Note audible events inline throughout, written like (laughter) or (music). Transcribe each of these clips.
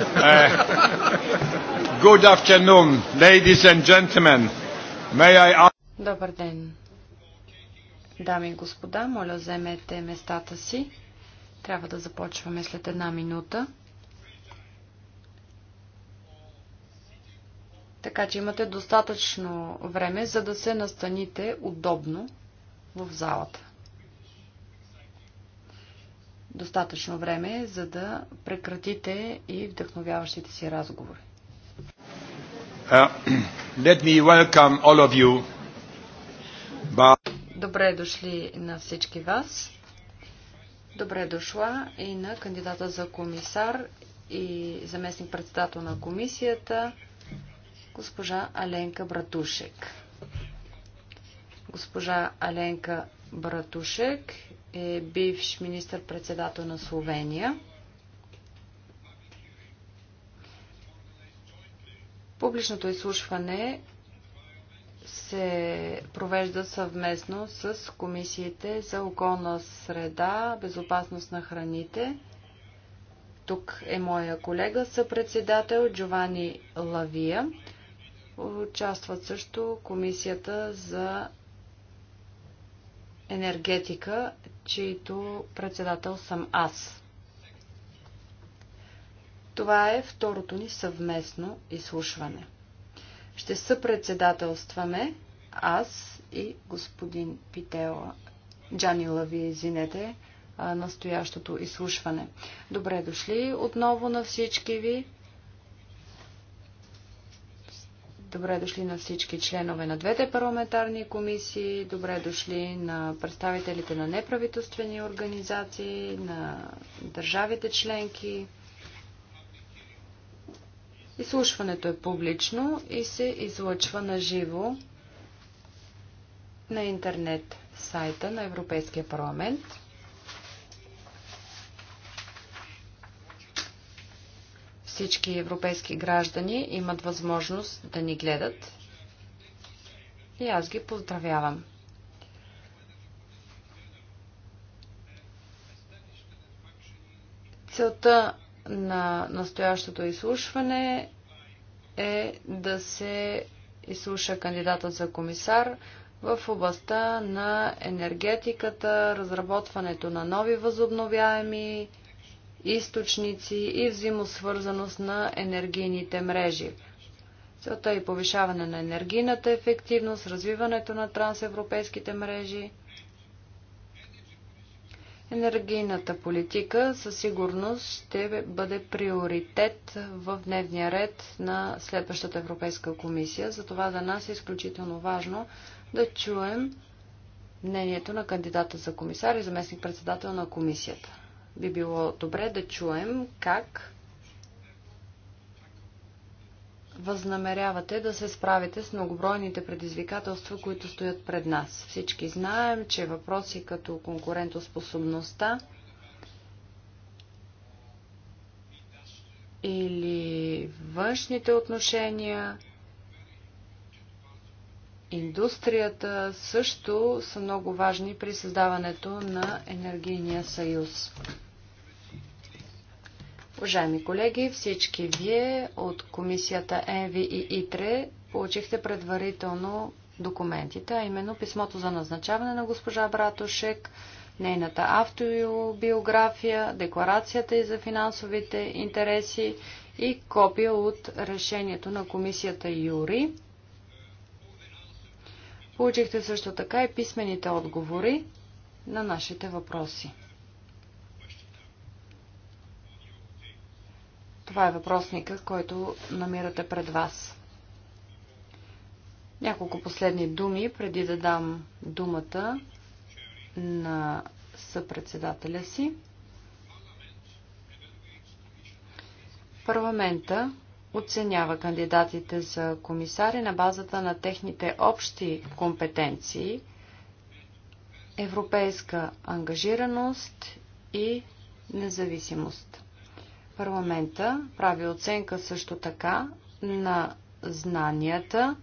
Uh, good afternoon, ladies and gentlemen. May I... Добър ден. Дами и господа, моля вземете местата си. Трябва да започваме след една минута. Така че имате достатъчно време, за да се настаните удобно в залата достатъчно време, за да прекратите и вдъхновяващите си разговори. Uh, (clears throat) Добре дошли на всички вас. Добре дошла и на кандидата за комисар и заместник председател на комисията, госпожа Аленка Братушек. Госпожа Аленка Братушек е бивш министър-председател на Словения. Публичното изслушване се провежда съвместно с комисиите за околна среда, безопасност на храните. Тук е моя колега, съпредседател Джовани Лавия. Участват също комисията за енергетика, чието председател съм аз. Това е второто ни съвместно изслушване. Ще съпредседателстваме аз и господин Питела, Джани Лави, извинете, настоящото изслушване. Добре дошли отново на всички ви. Добре дошли на всички членове на двете парламентарни комисии, добре дошли на представителите на неправителствени организации, на държавите членки. Изслушването е публично и се излъчва на живо на интернет сайта на Европейския парламент. Всички европейски граждани имат възможност да ни гледат и аз ги поздравявам. Целта на настоящото изслушване е да се изслуша кандидата за комисар в областта на енергетиката, разработването на нови възобновяеми източници и взаимосвързаност на енергийните мрежи. Целта е повишаване на енергийната ефективност, развиването на трансевропейските мрежи. Енергийната политика със сигурност ще бъде приоритет в дневния ред на следващата Европейска комисия. Затова за нас е изключително важно да чуем мнението на кандидата за комисар и заместник председател на комисията би било добре да чуем как възнамерявате да се справите с многобройните предизвикателства, които стоят пред нас. Всички знаем, че въпроси като конкурентоспособността или външните отношения, индустрията също са много важни при създаването на енергийния съюз. Уважаеми колеги, всички вие от комисията ЕНВИ и ИТРЕ получихте предварително документите, а именно писмото за назначаване на госпожа Братушек, нейната автобиография, декларацията и за финансовите интереси и копия от решението на комисията Юри. Получихте също така и писмените отговори на нашите въпроси. Това е въпросника, който намирате пред вас. Няколко последни думи, преди да дам думата на съпредседателя си. Парламента оценява кандидатите за комисари на базата на техните общи компетенции, европейска ангажираност и независимост. Парламента прави оценка също така на знанията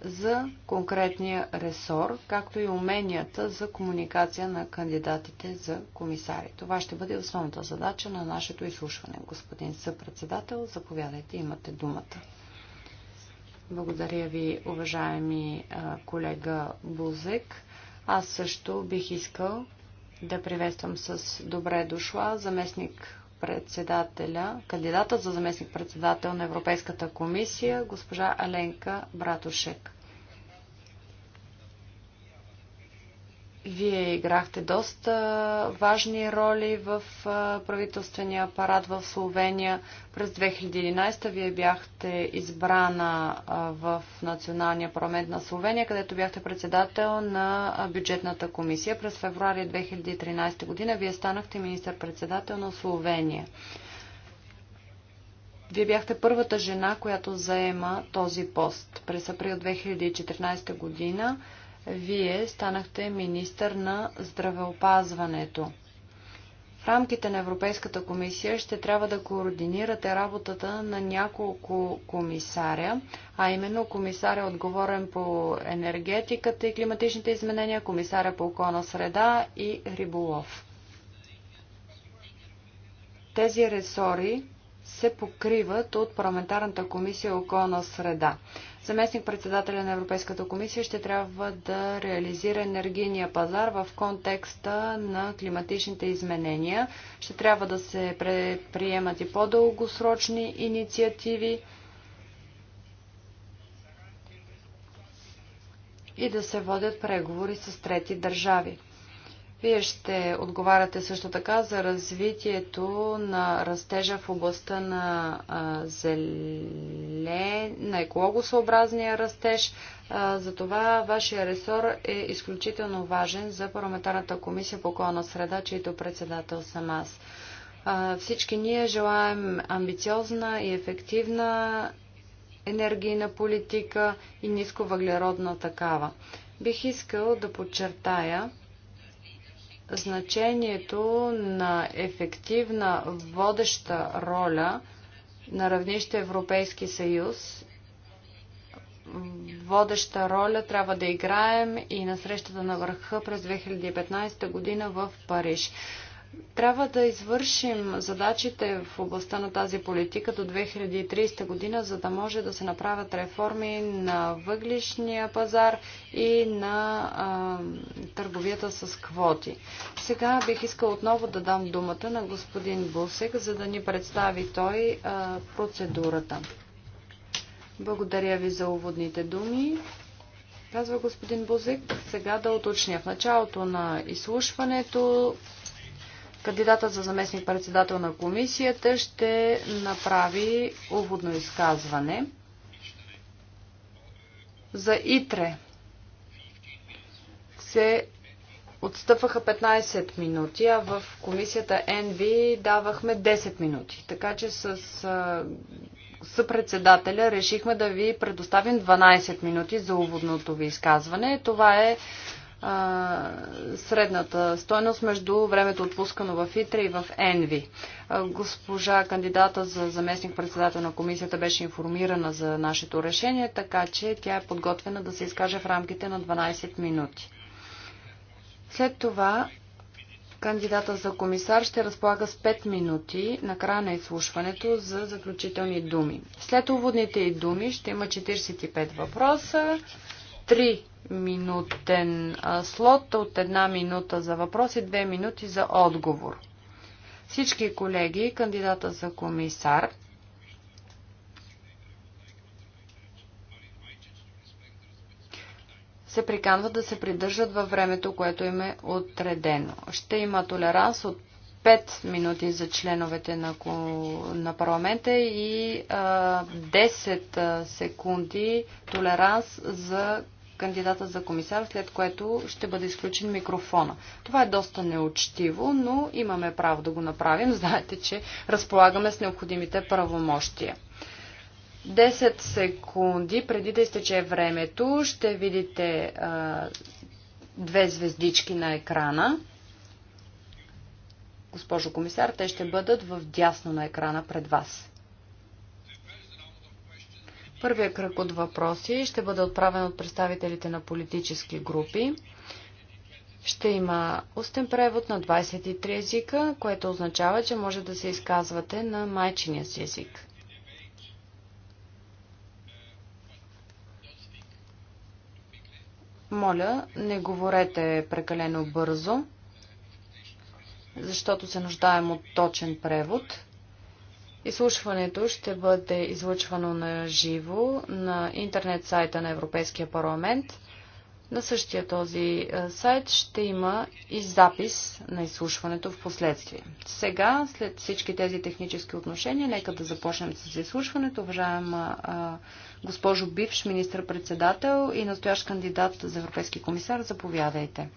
за конкретния ресор, както и уменията за комуникация на кандидатите за комисари. Това ще бъде основната задача на нашето изслушване. Господин съпредседател, заповядайте, имате думата. Благодаря ви, уважаеми колега Бузек. Аз също бих искал да приветствам с добре дошла заместник председателя, кандидатът за заместник председател на Европейската комисия, госпожа Аленка Братушек. Вие играхте доста важни роли в правителствения апарат в Словения. През 2011 вие бяхте избрана в Националния парламент на Словения, където бяхте председател на бюджетната комисия. През февруари 2013 година вие станахте министър-председател на Словения. Вие бяхте първата жена, която заема този пост. През април 2014 година вие станахте министър на здравеопазването. В рамките на Европейската комисия ще трябва да координирате работата на няколко комисаря, а именно комисаря отговорен по енергетиката и климатичните изменения, комисаря по околна среда и риболов. Тези ресори се покриват от парламентарната комисия околна среда. Заместник председателя на Европейската комисия ще трябва да реализира енергийния пазар в контекста на климатичните изменения. Ще трябва да се предприемат и по-дългосрочни инициативи. и да се водят преговори с трети държави. Вие ще отговаряте също така за развитието на растежа в областта на, зеле, зелен, на екологосъобразния растеж. затова вашия ресор е изключително важен за парламентарната комисия по околна среда, чието председател съм аз. всички ние желаем амбициозна и ефективна енергийна политика и нисковъглеродна такава. Бих искал да подчертая, значението на ефективна водеща роля на равнище Европейски съюз. Водеща роля трябва да играем и на срещата на върха през 2015 година в Париж. Трябва да извършим задачите в областта на тази политика до 2030 година, за да може да се направят реформи на въглишния пазар и на търговията с квоти. Сега бих искал отново да дам думата на господин Бусек, за да ни представи той процедурата. Благодаря ви за уводните думи. Казва господин Бузик, сега да уточня. В началото на изслушването кандидата за заместник председател на комисията ще направи уводно изказване за ИТРЕ. Се отстъпваха 15 минути, а в комисията НВ давахме 10 минути. Така че с съпредседателя решихме да ви предоставим 12 минути за уводното ви изказване. Това е а, средната стойност между времето отпускано в ИТРА и в ЕНВИ. Госпожа кандидата за заместник председател на комисията беше информирана за нашето решение, така че тя е подготвена да се изкаже в рамките на 12 минути. След това кандидата за комисар ще разполага с 5 минути на края на изслушването за заключителни думи. След уводните и думи ще има 45 въпроса, 3 минутен слот от една минута за въпрос и 2 минути за отговор. Всички колеги, кандидата за комисар, се приканват да се придържат във времето, което им е отредено. Ще има толеранс от 5 минути за членовете на, на парламента и а, 10 секунди толеранс за кандидата за комисар, след което ще бъде изключен микрофона. Това е доста неучтиво, но имаме право да го направим. Знаете, че разполагаме с необходимите правомощия. 10 секунди преди да изтече времето ще видите а, две звездички на екрана. Госпожо комисар, те ще бъдат в дясно на екрана пред вас. Първият кръг от въпроси ще бъде отправен от представителите на политически групи. Ще има устен превод на 23 езика, което означава, че може да се изказвате на майчиния си език. Моля, не говорете прекалено бързо, защото се нуждаем от точен превод. Изслушването ще бъде излъчвано на живо на интернет сайта на Европейския парламент – на същия този сайт ще има и запис на изслушването в последствие. Сега, след всички тези технически отношения, нека да започнем с изслушването. Уважаема госпожо бивш министр-председател и настоящ кандидат за европейски комисар, заповядайте.